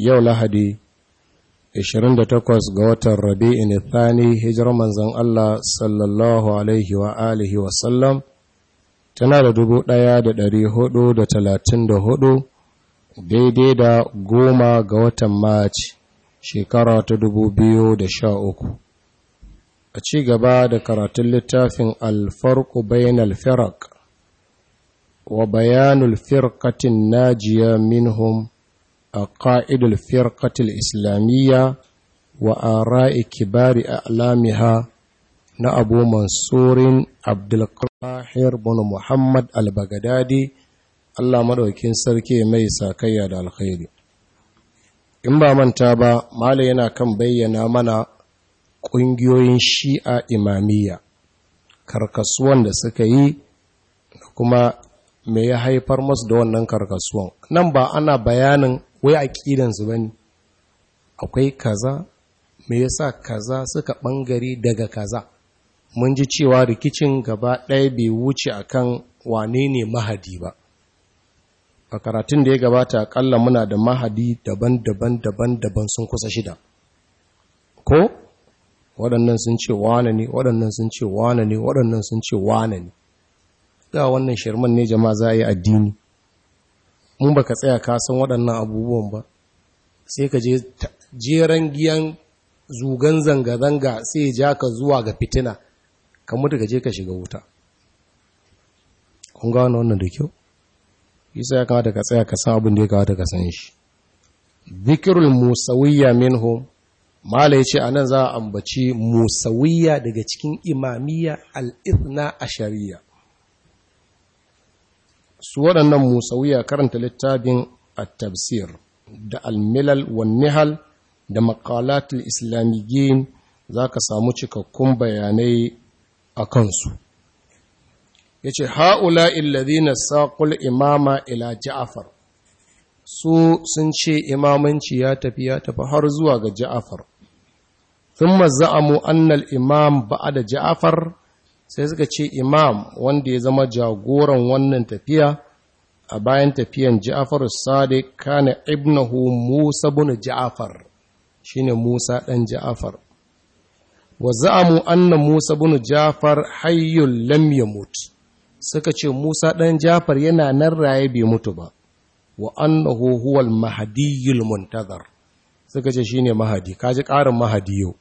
yau lahadi 28 ga watan rabi'in thani hijirar manzan Allah sallallahu alaihi wa alihi wasallam tana da talatin da hudu daidai da goma ga watan maci shekara ta 2013 a ci gaba da karatun littafin alfarku bayan alfirak wa bayanul firkatin najiya minhum A أقائد الفرقة الإسلامية وآراء كبار أعلامها نأبو منصور عبد القاهر بن محمد البغدادي Allah maɗaukin sarki mai sakayya da alkhairi. In ba manta ba, Mala yana kan bayyana mana ƙungiyoyin shi'a imamiyya, karkasuwan da suka yi da kuma me ya haifar musu da wannan karkasuwan. Nan ba ana bayanin wai a su bane akwai kaza me yasa kaza suka bangare daga kaza mun ji cewa rikicin gaba ɗaya bai wuce akan wane ne mahadi ba a karatun da ya gabata akalla muna da mahadi daban-daban daban-daban sun kusa shida ko waɗannan sun ce wane ne waɗannan sun ce wane ne waɗannan sun ce wane ne ga wannan shirman ne jama'a za a yi addini in baka tsaya ka san waɗannan abubuwan ba sai ka je jeran giyan zugan zanga-zanga sai ja ka zuwa ga fitina ka mutu ka je ka shiga wuta kun wani wannan da kyau isa ya kawo daga tsaya ka san abin da ya kawo daga san shi zikirul musawiyya minho mala ya ce a nan za a ambaci musawiyya daga cikin imamiyya al a shari'a su waɗannan musawiya karanta littafin at-tafsir da almilal milal wan nihal da maqalatul islamiyyin zaka samu cikakkun bayanai a kansu Ya yace haula illazina saqul imama ila ja'far su sun ce imamanci ya tafi ya tafi har zuwa ga ja'far thumma za'amu anna al-imam da ja'far sai suka ce imam wanda ya zama jagoran wannan tafiya a bayan tafiyan ja'afar sadiq kana ibnahu musa bin ja'afar shine musa dan ja'afar wa za'amu anna musa bin ja'afar hayyul lam yamut suka ce musa dan ja'afar yana nan raye bai mutu ba wa annahu huwal mahdiyul muntazar suka ce shine mahadi kaji karin yau.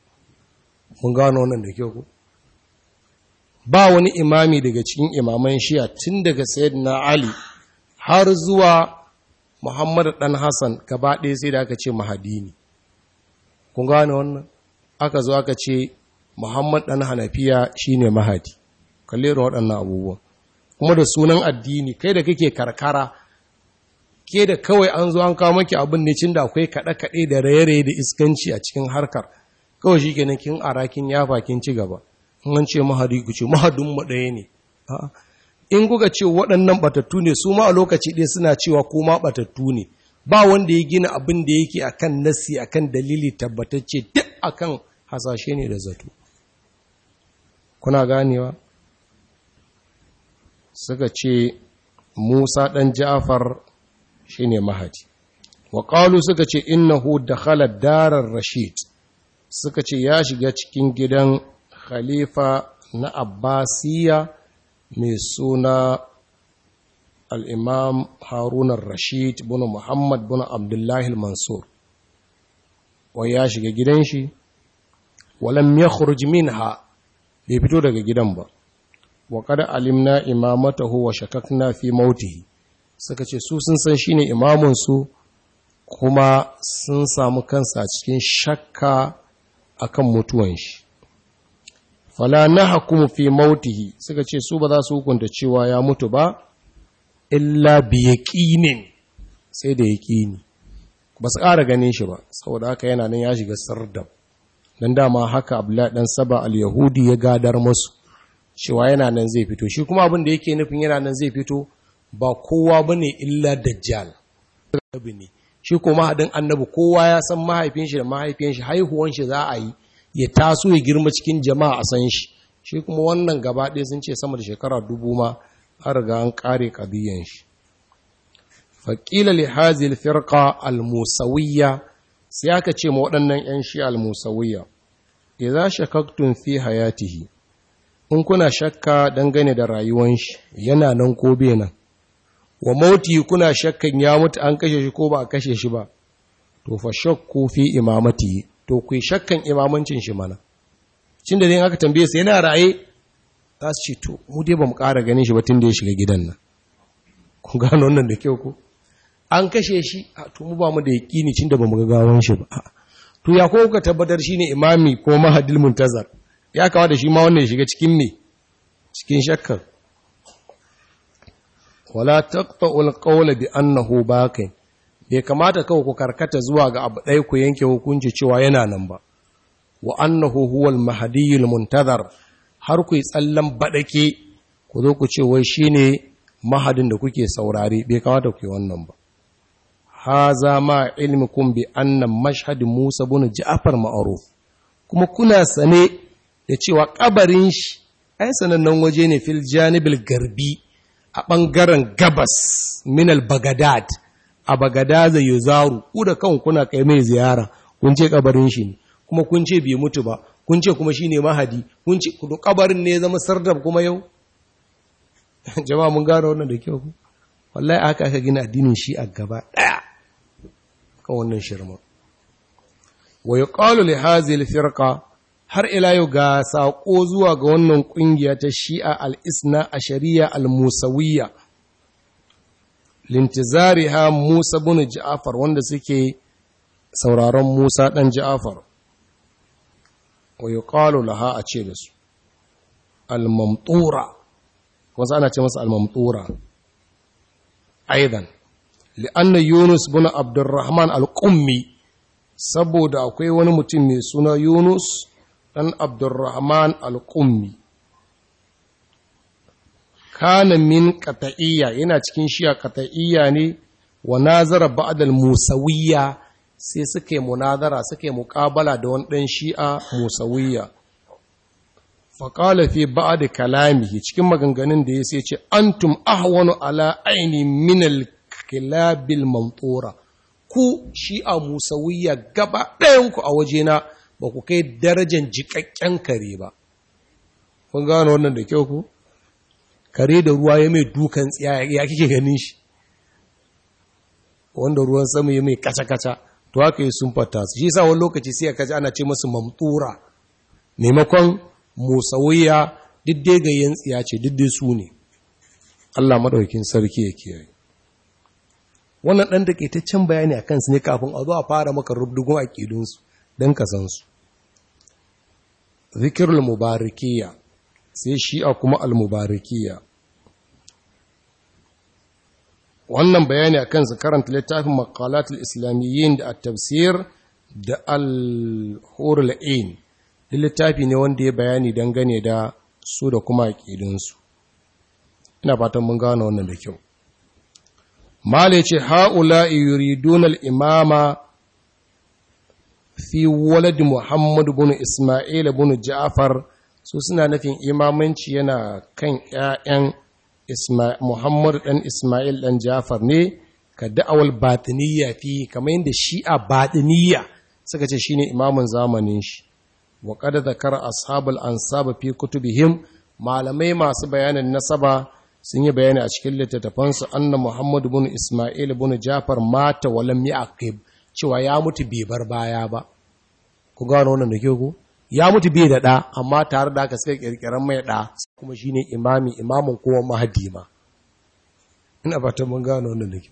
mun gano wannan da kyau ko ba wani imami daga cikin imaman shiya tun daga na ali har zuwa muhammadu dan hassan gaba ɗaya sai da aka ce mahadi ne kun gane wannan aka zo aka ce muhammad dan hanafiya shine mahadi kalle waɗannan abubuwan kuma da sunan addini kai da kake karkara ke da kawai an zo an kawo maki abin ne cin da akwai kaɗe-kaɗe da raye-raye da iskanci a cikin harkar kawai shi kenan kin ara kin yafa kin ci gaba an ce mahadi ku ce mahadin mu ɗaya ne in kuka ce waɗannan batattu ne su ma a lokaci ɗaya suna cewa ko ma batattu ne ba wanda ya gina abin da yake akan nasi akan dalili tabbatacce duk akan hasashe ne da zato kuna ganewa suka ce Musa ɗan Ja'far shine mahadi waƙalu suka ce innahu halar darar rashid suka ce ya shiga cikin gidan khalifa na abbasiya mai suna al'imam harun rashid bin muhammad bin abdullahi mansur wai ya shiga gidan shi walam ya minha bai fito daga gidan ba wa kada alimna imamatahu wa shakakna fi mautihi suka ce su sun san shine imamun su kuma sun samu kansa cikin shakka akan mutuwan shi fala na hakumu fi mautihi suka ce su ba za su hukunta cewa ya mutu ba illa bi yaqinin sai da yaqini ba su ƙara ganin shi ba saboda haka yana nan ya shiga sardab dan dama haka Abdullahi dan Saba al-Yahudi ya gadar musu cewa yana nan zai fito shi kuma abin da yake nufin yana nan zai fito ba kowa bane illa dajjal shi kuma hadin annabi kowa ya san mahaifin shi da mahaifiyan shi haihuwan shi za a yi ya taso ya girma cikin jama'a a san shi shi kuma wannan gaba ɗaya sun ce sama da shekara dubu ma an riga an ƙare ƙadiyyan shi faƙila li hazil firqa al-musawiyya sai aka ce ma waɗannan 'yan shi al-musawiyya idza shakaktun fi hayatihi in kuna shakka dangane da rayuwan shi yana nan ko bai wa mauti kuna shakkan ya mutu an kashe shi ko ba a kashe shi ba to fa shakku fi imamati to ku yi shakkan imamancin shi mana cin da zai aka tambaye su yana raye za su ce to mu dai ba mu ƙara ganin shi ba tun da ya shiga gidan nan ku gano wannan da kyau ko an kashe shi a to mu ba mu da yaƙini cin da ba mu ga gawan shi ba to ya ko ka tabbatar shi ne imami ko mahadil muntazar ya kawo da shi ma wannan ya shiga cikin me cikin shakkar wala taqta'u al-qawla bi annahu baqin bai kamata kawai ku karkata zuwa ga abu ɗaya ku yanke hukunci cewa yana nan ba wa annahu huwal mahdiyul muntazar har ku yi tsallan baɗake ku zo ku ce wai shine mahadin da kuke saurare bai kamata ku yi wannan ba haza ma ilmikum bi annan mashhad Musa bunu Ja'far ma'ruf kuma kuna sane da cewa kabarin shi ai sanannen waje ne fil janibil garbi a ɓangaren gabas Minal al Baghdad a zai zaru, ku da kan kuna kai mai ziyara kun ce kabarin shi ne kuma kun ce bai mutu ba kun ce kuma shine mahadi kun ce kudu kabarin ne zama sardab kuma yau jama'a mun gano wannan da kyau wallahi haka aka gina addinin shi a gaba daya kan wannan shirma wa yuqalu li hadhihi al-firqa har ila yau ga sako zuwa ga wannan kungiya ta Shi'a al-Isna ashariya al-Musawiyya Lintizari ha Musa bin Ja'far wanda suke sauraron Musa dan Ja'far wa yuqalu laha a ce dasu, al-mamtura wasu ana ce masa al-mamtura aidan li'anna Yunus bin Abdurrahman al-Qummi saboda akwai wani mutum mai suna Yunus dan Abdurrahman al-Qummi kana min yana cikin shi'a ƙata'iyya ne wa nazara ba'd al-musawiyya sai suke munazara suke muqabala da wani dan shi'a musawiyya faƙala fi ba kalamihi cikin maganganun da ya sai ce antum ahwanu ala aini minal kilabil mantura ku shi'a musawiyya gaba ɗayanku a wajena ba ku kai darajar jiƙaƙƙen kare ba kun gano wannan da kyau ku kare da ruwa ya mai dukan tsiya ya kike ganin shi wanda ruwan sama ya mai kacakaca to haka yi sun fata su shi sa wani lokaci sai kaji ana ce masu mamtura maimakon musawayya duk ga yin tsiya ce didde su ne Allah maɗaukin sarki ya kiyaye wannan ɗan takaitaccen bayani a kansu ne kafin a zo a fara maka rubdugun aƙidunsu don ka san su zikirul mubarakiya sai shi'a kuma al mubarakiya wannan bayani akan karanta littafin al islamiyyin da at-tafsir da al-hurul ain littafi ne wanda ya bayani dangane da su da kuma su ina fatan mun gano wannan da kyau malai ce haula yuridun al-imama fi walad muhammad ibn isma'il ibn ja'far su suna nufin imamanci yana kan ƴaƴan Muhammadu ɗan Ismail ɗan Jafar ne ka da'awar batiniya fi kamar yadda a batiniya suka ce shi ne imamin zamanin shi wa qad zakara ashabul saba fi kutubihim malamai masu bayanin nasaba sun yi bayani a cikin littattafansu anna Muhammadu bin Ismail bin Jafar mata wa a yaqib cewa ya mutu bai bar baya ba ku gano wannan da ku ya mutu bai da ɗa amma tare da aka suka ƙirƙirar mai ɗa kuma ne imami imamin kowa mahadi ma ina ta mun gano wani nake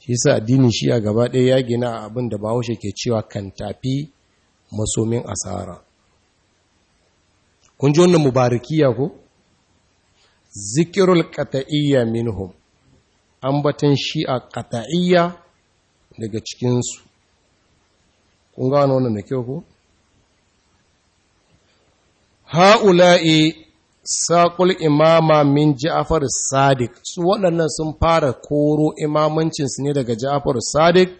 shi sa addinin shi a gaba ɗaya ya gina abin da Bahaushe ke cewa kan tafi masomin asara kun ji wannan mubarakiya ko zikirul qat'iyya minhum ambaton shi'a qat'iyya daga cikin su kun gano wannan nake kyau ko ha'ula'i saƙul imama min ja'afar sadiq su waɗannan sun fara koro imamancinsu ne daga Ja'far sadiq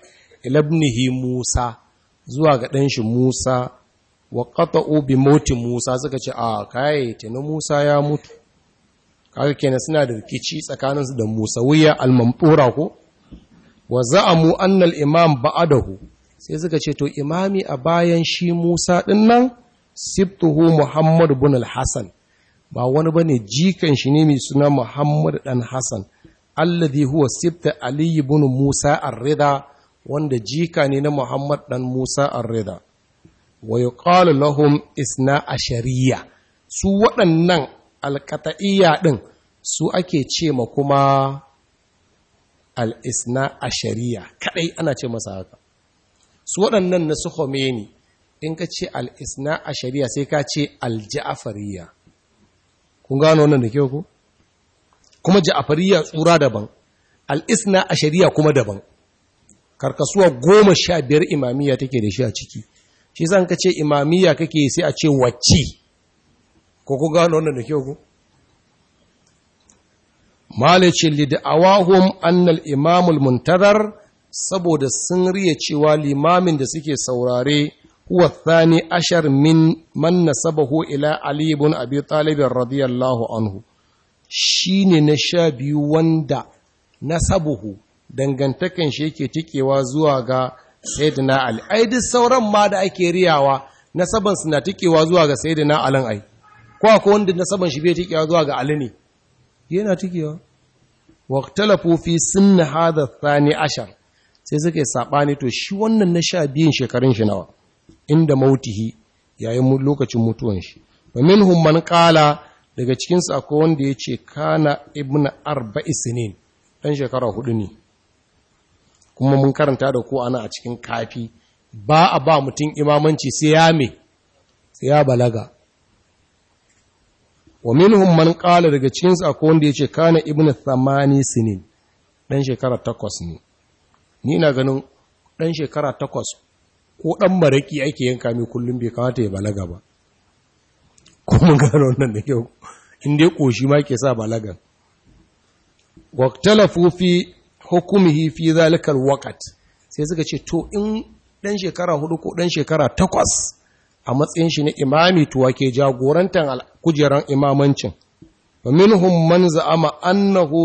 ilabnihi musa zuwa ga ɗanshi musa wa ƙata obi musa suka ce a ah, kai tana musa ya mutu kaga kenan suna da rikici tsakaninsu da musa wuya almamfura ko wa za'amu annal imam ba'adahu sai suka ce to imami a bayan shi musa ɗin nan sibtuhu muhammad bin al Hassan. ba wani ba ne jikan shi ne mai suna Muhammadu ɗan Hassan alladhi huwa sibta Aliyu bin Musa ar wanda jika ne na Muhammadu ɗan Musa ar-Rida ya kala lahum isna a shari'a, su waɗannan alqata'iyya ɗin su ake ce ma kuma al-isna shari'a, Kaɗai ana ce masa haka su waɗannan na su Khomeini in ka ce al-isna shari'a sai ka ce al-ja'fariyya kun gano wannan da kyau ku kuma ja'afariya tsura daban al'isna a shari'a kuma daban karkasuwa goma sha biyar imamiya take da shi a ciki shi san ka ce imamiya kake sai a ce wacce ko ku gano wannan da kyau ku malice lid'awahum annal imamul muntarar saboda sun riya cewa limamin da suke saurare huwa thani ashar min man nasabahu ila ali ibn abi talib radiyallahu anhu shine na sha biyu wanda nasabuhu dangantakan shi yake tikewa zuwa ga sayyidina ali ai duk sauran ma da ake riyawa nasaban su na tikewa zuwa ga sayyidina ali ai ko akwai wanda bai tikewa zuwa ga ali ne yana tikewa waktalafu fi sunna hadha thani ashar sai suka yi sabani to shi wannan na sha biyun shekarun shi nawa inda mautihi yayin lokacin mutuwan shi wa minhum man qala daga cikin su akwai wanda yace kana ibn arba'i sinin dan shekara hudu ne kuma mun karanta da ko ana a cikin kafi ba a ba mutum imamanci sai ya me sai ya balaga wa minhum man qala daga cikin su akwai wanda yace kana ibn thamani sinin dan shekara takwas ne ni ina ganin dan shekara takwas ko ɗan maraƙi ake yanka mai kullum bai kamata ya balaga ba kuma gano nan da kyau inda ya ƙoshi ma ke sa balaga waktalafu fi hukumihi fi zalikar wakat sai suka ce to in ɗan shekara hudu ko ɗan shekara takwas a matsayin shi na imami tuwa ke jagorantar kujeran imamancin na من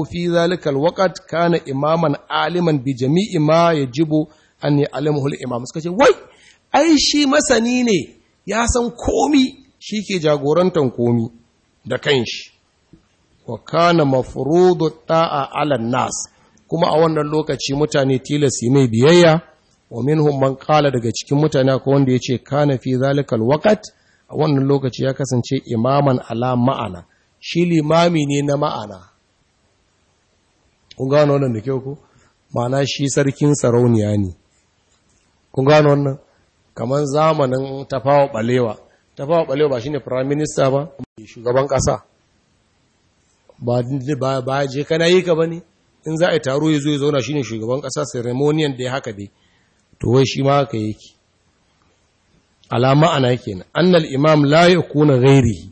fi wakat wakat, ذلك imaman aliman bi jami'i ma ya jibo. An anni alamul imam suka ce wai ai shi masani ne ya san komi shi ke jagorantar komi da kanshi wa kana mafrudu ta'a Alan nas kuma a wannan lokaci mutane tilas mai biyayya wa minhum man qala daga cikin mutane ko wanda yace kana fi zalikal waqt a wannan lokaci ya kasance imaman ala ma'ana shi limami ne na ma'ana kun gano wannan da kyau ko ma'ana shi sarkin sarauniya ne kun gano wannan kamar zamanin tafawa balewa tafawa balewa ba shine prime minister ba shugaban kasa ba ba je kana yi ka bane in za a yi taro ya zo ya zauna shine shugaban kasa ceremonial da ya haka dai to wai shi ma haka yake alama ana kenan annal imam la yakuna ghairihi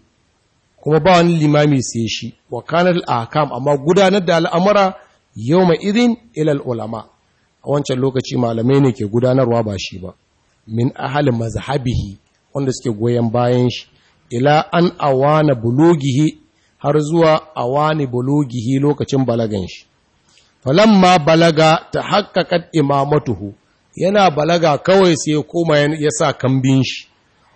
kuma ba wani limami sai shi wa kanal ahkam amma gudanar da yau yawma irin ilal ulama a wancan lokaci malamai ne ke gudanarwa ba shi ba min ahalin mazhabihi wanda suke goyon bayan shi ila an awana bulugihi har zuwa awani bulugihi lokacin balagan shi ma balaga ta haƙaƙat imamatuhu yana balaga kawai sai ya koma ya sa kambin shi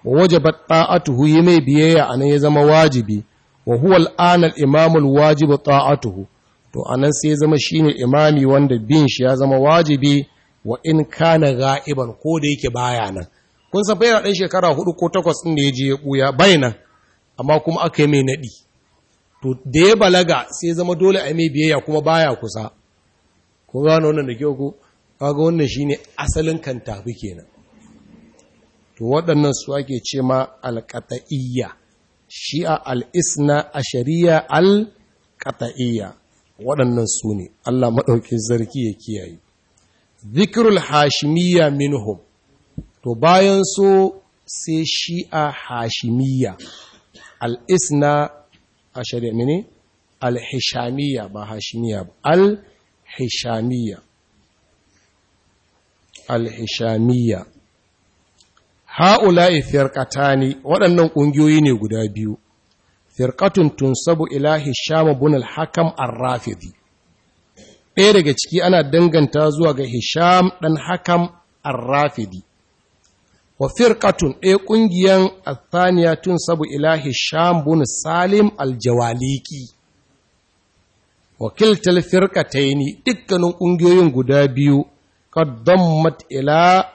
wa wajabat ta'atuhu yi mai biyayya a nan ya zama wajibi wa huwa al'ana imamul wajibu ta'atuhu to anan sai zama shine imami wanda bin shi ya zama wajibi wa in kana ga'iban ko da yake baya nan kun san bayan ɗan shekara hudu ko takwas ɗin da ya je ya ɓuya bai nan amma kuma aka yi mai naɗi to da ya balaga sai zama dole a mai biyayya kuma baya kusa ko gano wannan da ke ku kaga wannan shine asalin kan tafi kenan to waɗannan su ake ce ma alqata'iyya shi'a isna a shari'a alƙata'iyya waɗannan su ne Allah maɗaukin zarki ya kiyaye zikirul hashimiyya minhum to bayan so sai shi'a hashimiyya al'isna a shari'a ne al-hishamiyya ba hashimiyya ba al-hishamiyya al-hishamiyya waɗannan ƙungiyoyi ne guda biyu Firƙatun tunsabu ila hisham ibn al-hakam ar-rafidi ɗaya daga ciki ana danganta zuwa ga hisham ɗan hakam ar-rafidi wa firƙatun, ɗaya ƙungiyar athaniya tunsabu ila hisham ibn salim al-jawaliki wakiltar firkataini dukkanin ƙungiyoyin guda biyu kaddammat ila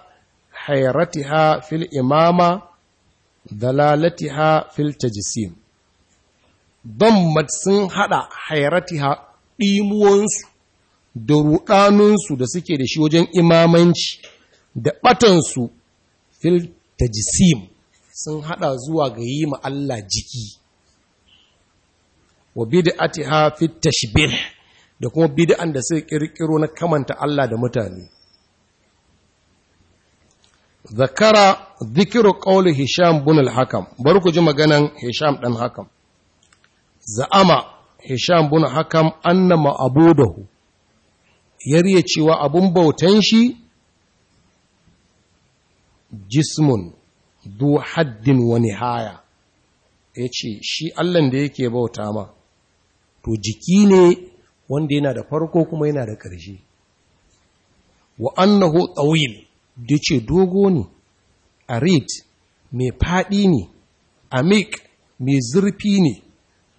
hairatiha fil imama dalalatiha fil tajsim dammat sun haɗa hairatiha ɗimuwansu da ruɗanunsu da suke da shi wajen imamanci da ɓatansu fil sun haɗa zuwa ga yi ma Allah jiki wa bid'atiha fi tashbih da kuma bid'an da suka ƙirƙiro na kamanta Allah da mutane zakara dhikru qawli hisham bin al-hakam bar ku ji maganan hisham ɗan hakam za'ama hisham bin hakam anna ma'budahu yariye cewa abun bautan shi jismun du haddin wa nihaya yace shi Allah da yake bauta ma to jiki ne wanda yana da farko kuma yana da ƙarshe wa annahu tawil dace dogo ne arid mai fadi ne amik mai zurfi ne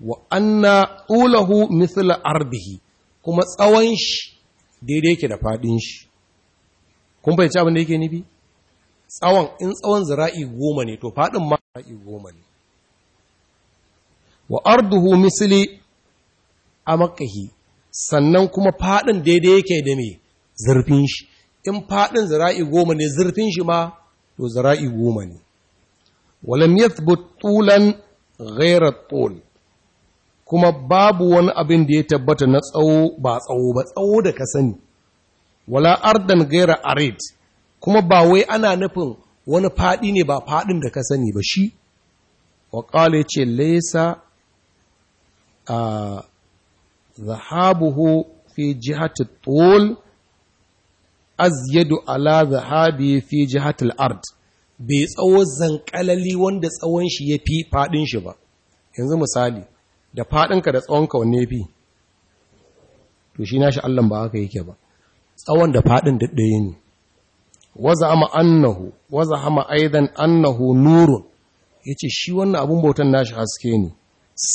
wa anna ulahu mithla ardihi kuma tsawon shi daidai yake da fadin shi kun bai abin da yake bi? tsawon in tsawon zira'i goma ne to fadin ma zira'i goma ne wa arduhu misli a makahi sannan kuma fadin daidai yake da me zurfin shi in fadin zira'i goma ne zurfin shi ma to zira'i goma ne walam yathbut tulan ghayra tul kuma babu wani abin da ya tabbata na tsawo ba tsawo ba tsawo da ka sani wala ardan gaira arid kuma ba wai ana nufin wani faɗi ne ba faɗin da ka sani ba shi wa ƙala ce laisa a zahabuhu fi jihati tol azyadu ala zahabi fi jihati ard bai tsawo zankalali wanda tsawon shi ya fi faɗin shi ba yanzu misali da faɗinka da tsawonka wanne fi to shi nashi allon ba haka yake ba tsawon da faɗin daɗaya ne waza ama annahu waza hama aidan annahu nurun ya ce shi wannan abin bautan nashi haske ne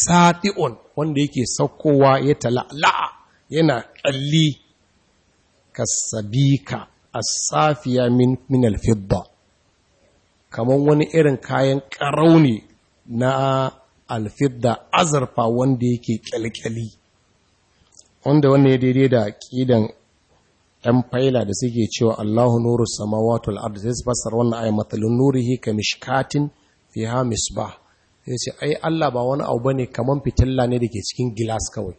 sati'un wanda yake saukowa ya tala'la'a yana ƙalli kasabika a safiya min alfibba. Kamar wani irin kayan ƙarauni na alfidda azurfa wanda yake kyalkyali wanda wannan ya daidai da kidan ‘yan faila da suke cewa Allahu nuru samawatu al'adu sai su fassara wannan ayi matsalin hi ka mishkatin fi ha misba sai ce ai Allah ba wani abu bane kamar fitilla ne da ke cikin gilas kawai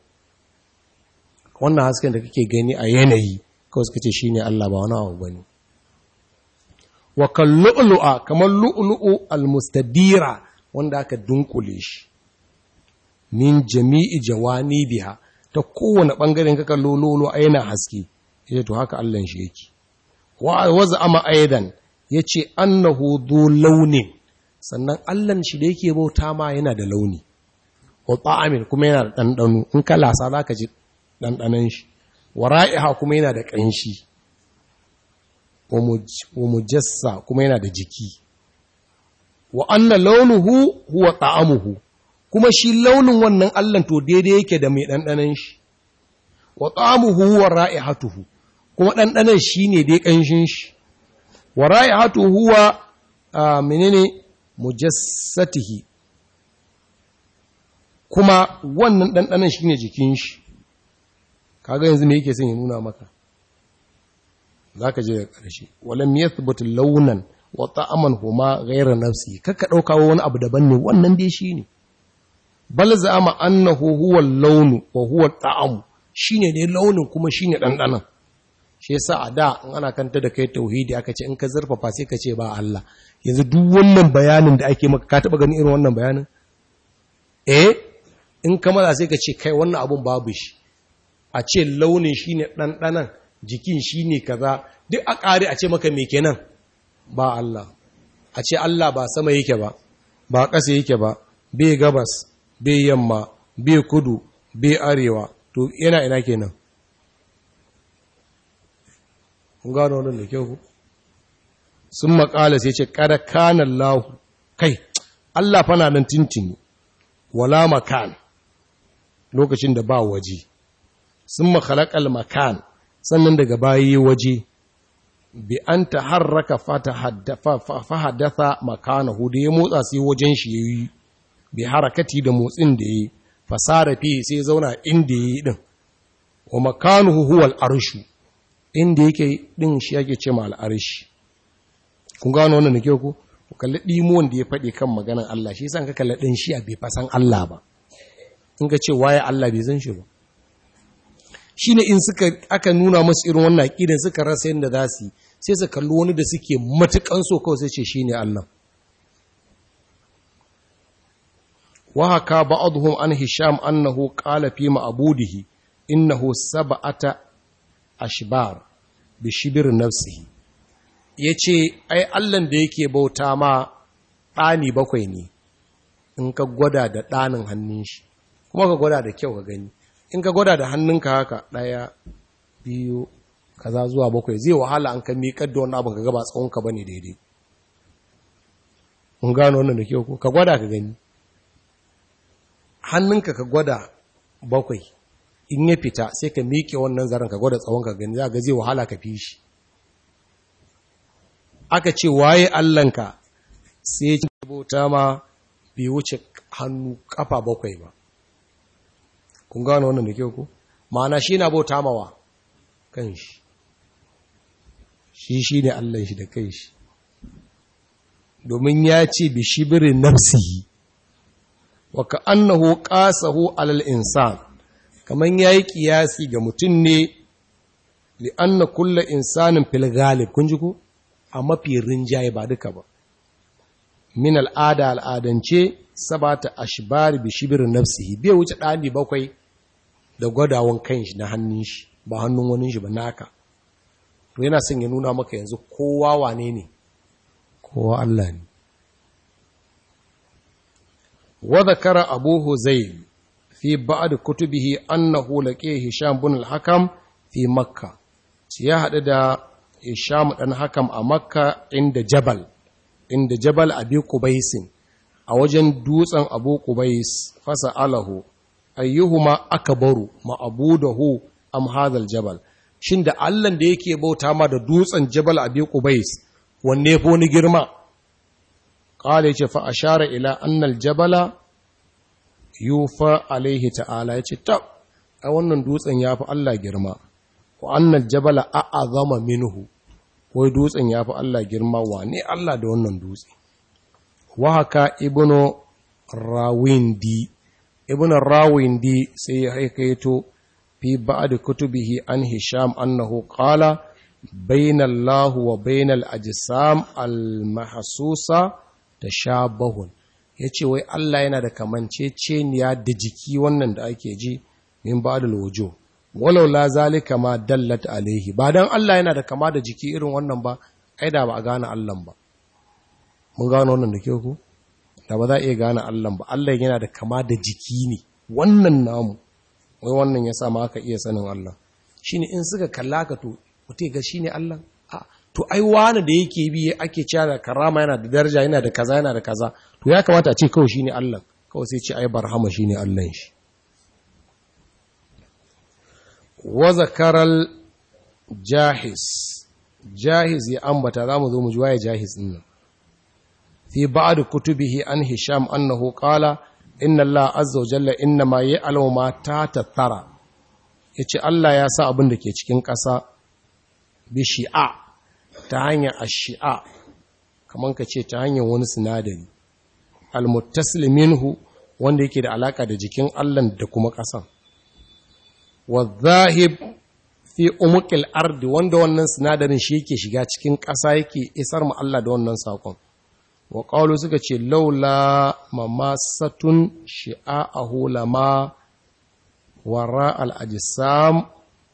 wannan hasken da kake gani a yanayi kawai suka ce shi ne Allah ba wani abu bane wa kallu'lu'a kamar lu'lu'u almustadira wanda aka dunkule shi min jami'i jawani biha ta kowane ɓangaren kakan lololo a yana haske ya to haka Allah shi yake wa waza ama aidan yace annahu dhu launin sannan Allah shi da yake bauta ma yana da launi wa ta'amin kuma yana da ɗanɗano in ka lasa zaka ji ɗanɗanon shi wa ra'iha kuma yana da ƙanshi wa mujassa kuma yana da jiki wa anna launuhu huwa ta'amuhu kuma shi launin wannan allan to daidai yake da mai ɗanɗanan shi wa ta'amuhu huwa ra'ihatuhu kuma ɗanɗanan shi ne dai ƙanshin shi wa ra'ihatuhu huwa menene mujassatihi kuma wannan ɗanɗanan shi ne jikin shi kaga yanzu me yake son ya nuna maka za ka je da ƙarshe walam yathbut launan Wata aman huma gaira nafsi kakka ɗauka wani abu daban ne wannan dai ne bal za'ama annahu huwa launu wa huwa ta'amu shine dai launin kuma shi ne ɗanɗanan shi yasa a da in ana kanta da kai tauhidi aka ce in ka zurfafa sai ka ce ba Allah yanzu duk wannan bayanin da ake maka ka taɓa ganin irin wannan bayanin eh in ka maza sai ka ce kai wannan abun babu shi a ce launin shi ne ɗanɗanan jikin shi shine kaza duk a kare a ce maka me kenan ba Allah a ce Allah ba sama yake ba ba ƙasa yake ba bai gabas bai yamma bai kudu bai arewa to yana ina kenan kun gano wannan da kyau sun makala sai ce kada kanan lahu kai Allah fana nan tintini wala makan lokacin da ba waje sun makalakal makan sannan daga bayi waje bi an ta harraka fahadatha makana da ya motsa sai wajen shi ya yi bi harakati da motsin da ya yi fasara fi sai zauna inda ya yi ɗin wa makanuhu huwal arshu inda yake din shi yake ce ma al'arshi kun gano wannan nake ku ku kalli ɗimon da ya faɗi kan maganan Allah shi san ka kalli ɗin shi a bai fasan Allah ba in ka ce waye Allah bai zan shi ba shine in suka aka nuna masu irin wannan aqidan suka rasa yadda za su yi sai su kalli wani da suke matukan so kawai sai ce shine Allah wa haka ba'dhum an hisham annahu qala fi ma'budihi innahu sab'ata ashbar bi shibir nafsihi yace ai Allah da yake bauta ma ɗani bakwai ne in ka gwada da ɗanin hannun shi kuma ka gwada da kyau ka gani in ka gwada da hannunka haka ɗaya biyu kaza zuwa bakwai zai wahala an ka miƙar da wani abin ka gaba tsawon ka bane daidai in gano wannan da ke ko ka gwada ka gani hannunka ka gwada bakwai in ya fita sai ka miƙe wannan zaren ka gwada tsawon ka gani za ga zai wahala ka fi shi aka ce waye allanka sai ya ci bauta ma bai wuce hannu kafa bakwai ba kun gano wannan da ke ko ma'ana shi na bauta mawa kan shi shi shi ne Allah shi da kai shi domin ya ce bi shibiri nafsihi wa ka annahu qasahu alal insan kaman yayi kiyasi ga mutum ne li anna kullu insanin fil ghalib kun ji ko a mafi rinjaye ba duka ba min al'ada al'adance sabata ashbar bi shibiri nafsihi bai wuce ɗani bakwai da gwadawon kanshi na hannun shi ba hannun wani shi ba naka to yana son ya nuna maka yanzu kowa wane ne kowa Allah ne wadda kara abu fi ba'ad kutubihi annahu laqiya hisham bin al fi makka ya haɗu da hisham dan hakam a makka inda jabal inda jabal abi a wajen dutsen abu kubais fasa alahu ayyuhuma akbaru ma abudahu am hadha jabal shin da allan da yake bauta ma da dutsen jabal abi qubais wanne ko ni girma qala yace fa ashara ila annal jabala yufa alaihi ta'ala yace ta, a wannan dutsen yafi allah girma wa annal jabala a'azama minhu wai dutsen yafi allah girma wane allah da wannan dutse wa haka ibnu rawindi ibn rawindi sai ya haikaito fi ba'd kutubihi an hisham annahu qala bainallahu wa bainal ajsam almahsusa mahsusa tashabahun yace wai Allah yana da kamanceceniya da jiki wannan da ake ji min ba'd al wujuh walau la zalika ma dallat alaihi ba dan Allah yana da kama da jiki irin wannan ba ai da ba a gane Allah ba mun gane wannan da ke ku da ba za a iya gane Allah ba Allah yana da kama da jiki ne wannan namu wai wannan ya sa ma aka iya sanin Allah ne in suka kalla ka to kute ga ne Allah to ai wani da yake bi ake cewa da karama yana da daraja yana da kaza yana da kaza to ya kamata a ce kawai shi ne Allah kawai sai ce ai barhama shi ne Allah shi wa zakaral jahis jahis ya ambata za mu zo mu ji waye jahis din nan fi ba'd kutubihi an hisham annahu qala inna Allah azza wa jalla inna ma ya'lamu ma ta tattara yace Allah ya sa abin da ke cikin ƙasa bi shi'a ta hanyar ashi'a kaman ka ce ta hanyar wani sinadari almuttasil wanda yake da alaka da jikin Allah da kuma ƙasan wa zahib fi umuqil ardi wanda wannan sinadarin shi yake shiga cikin ƙasa yake isar mu Allah da wannan sakon wa ƙaulu suka ce laula a shi'a'ahu lama wara al'ajisam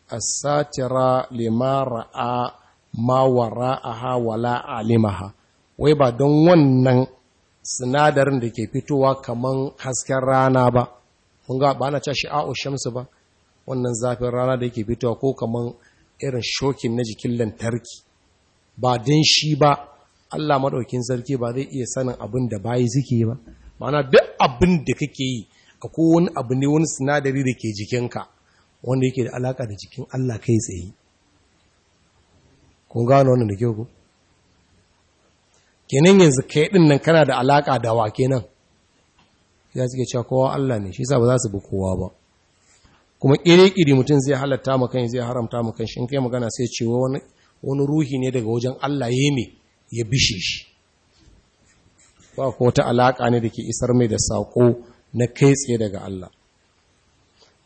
a satira lima ra'a ma aha wala alimaha wai ba don wannan sinadarin da ke fitowa kamar hasken rana ba mun ga ba na ca shi'a'u shamsu ba wannan zafin rana da ke fitowa ko kamar irin shokin na jikin lantarki ba don shi ba Allah maɗaukin sarki ba zai iya sanin abin da bayi suke ba mana duk abin da kake yi a wani abu ne wani sinadari da ke jikinka wanda yake da alaƙa da jikin Allah kai tsaye kun gano wannan da kyau ku kenan yanzu kai din nan kana da alaƙa da wa kenan ya suke cewa kowa Allah ne shi yasa ba za su bi kowa ba kuma kire-kire mutum zai halatta maka zai haramta maka shi kai magana sai ce wani ruhi ne daga wajen Allah yayi ne ya bishe shi ba ko wata alaƙa ne da ke isar mai da saƙo na kai tsaye daga Allah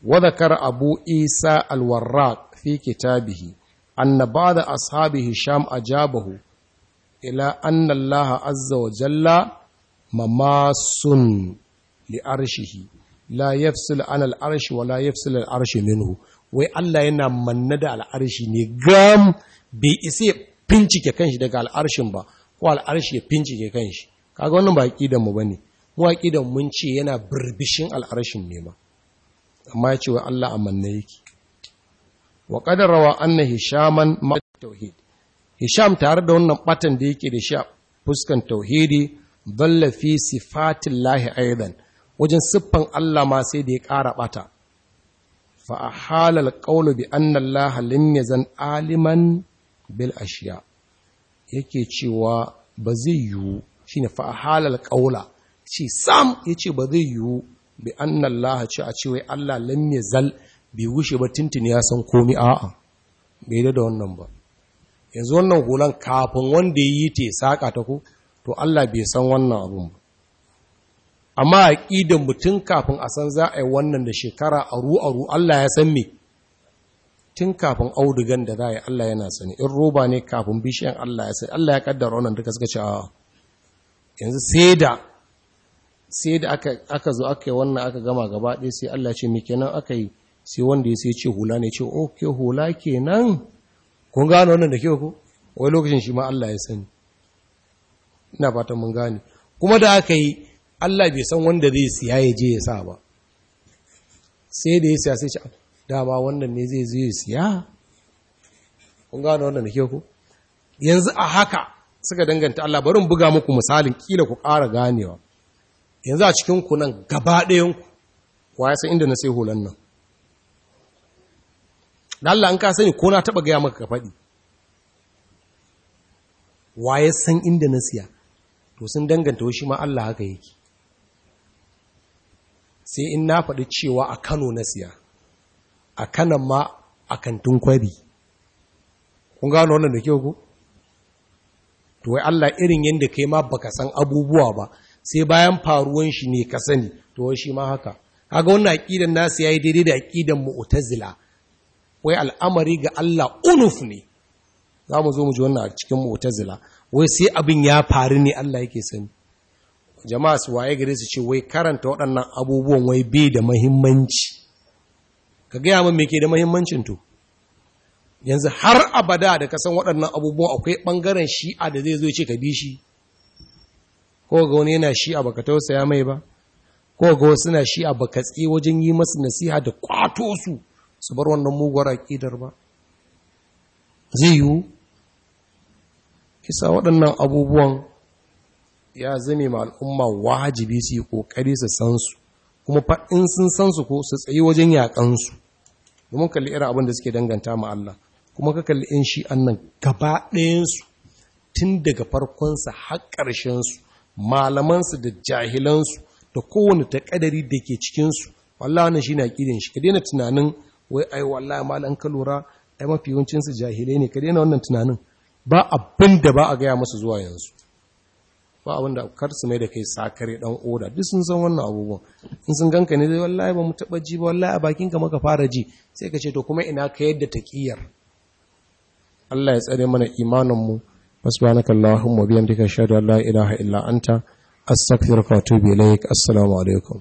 wadakar abu isa alwarraq fi kitabihi anna ba'da ashabi hisham ajabahu ila anna Allah azza wa jalla mamasun li arshihi la yafsil an al arshi wa la yafsil al arshi minhu wai Allah yana manna da al'arshi ne gam bai isi fincike kanshi daga al'arshin ba ko al'arshi ya fincike kanshi kaga wannan ba aqidan mu bane mu aqidan mun ce yana birbishin al'arshin ne ma amma ya ce wa Allah amanna yake wa qadara rawa anna hishaman ma tauhid hisham tare da wannan batan da yake da shi a fuskan tauhidi dalla fi sifatillahi aidan wajen siffan Allah ma sai da ya ƙara bata fa ahala alqawlu bi anna Allah lam yazan aliman bil ashiya yake cewa ba zai yiwu shine fa halal ƙaula shi sam yace ba zai yiwu bi anna Allah ce a cewa Allah lam zal bai wushe ba tintin ya san komi a'a bai da wannan ba yanzu wannan hulan kafin wanda ya yi te saka ta ku to Allah bai san wannan abun ba amma aqidan mutun kafin a san za a yi wannan da shekara aru aru Allah ya san me tun kafin audugan da za a yi Allah yana sani in roba ne kafin bishiyan Allah ya sani Allah ya kaddara wannan duka suka ce yanzu sai da sai da aka zo aka yi wannan aka gama gaba ɗaya sai Allah ce me kenan aka yi sai wanda ya sai ce hula ne ce okay hula kenan kun gano wannan da ke ko wai lokacin shi ma Allah ya sani ina fatan mun gane kuma da aka yi Allah bai san wanda zai siya ya je ya sa ba sai da ya siya sai ce dama wannan ne zai zai siya kun gano wannan da ke ku yanzu a haka suka danganta Allah barin buga muku misalin kila ku ƙara ganewa yanzu a cikin ku nan gaba ɗayan ku wa ya san inda na sai hulan nan da Allah an ka sani ko na taɓa gaya maka ka faɗi wa ya san inda na siya to sun danganta shi ma Allah haka yake sai in na faɗi cewa a Kano na siya a kanan ma a kantin kwari kun gano wannan da kyau ku to wai Allah irin yadda kai ma baka san abubuwa ba sai bayan faruwan shi ne ka sani to wai shi ma haka kaga wannan aqidan nasu yayi daidai da aqidan mu'tazila wai al'amari ga Allah unuf ne za mu zo mu ji wannan a cikin mu'tazila wai sai abin ya faru ne Allah yake sani jama'a su waye gare su ce wai karanta waɗannan abubuwan wai bai da mahimmanci ka gaya min me ke da mahimmancin to yanzu har abada da kasan waɗannan abubuwan akwai ɓangaren shi'a da zai zo ce ka bi shi ko ga wani yana shi'a baka tausaya mai ba ko ga wasu na shi'a baka tsaye wajen yi masu nasiha da kwato su su bar wannan muguwar aƙidar ba zai yiwu kisa waɗannan abubuwan ya zame ma al'umma wajibi su yi ƙoƙari su san su kuma faɗin sun san su ko su tsaye wajen yaƙansu domin kalli irin abin da suke danganta ma Allah kuma ka kalli in shi annan gaba ɗayansu tun daga farkonsa har ƙarshensu malamansu da jahilansu da kowane ƙadari da ke cikinsu wallahi wannan shi na ƙirin shi ka daina tunanin wai ai ma malan ka lura ai mafi yawancinsu jahilai ne ka daina wannan tunanin ba abin da ba a gaya masa zuwa yanzu ba abin da kar su mai da kai sakare dan oda duk sun san wannan abubuwan in sun ganka ne wallahi ba mu taba ji ba wallahi a bakin ka maka fara ji sai ka ce to kuma ina ka yadda taqiyar Allah ya tsare mana imanin mu subhanaka allahumma bihamdika ashhadu an la ilaha illa anta astaghfiruka wa atubu ilaik assalamu alaikum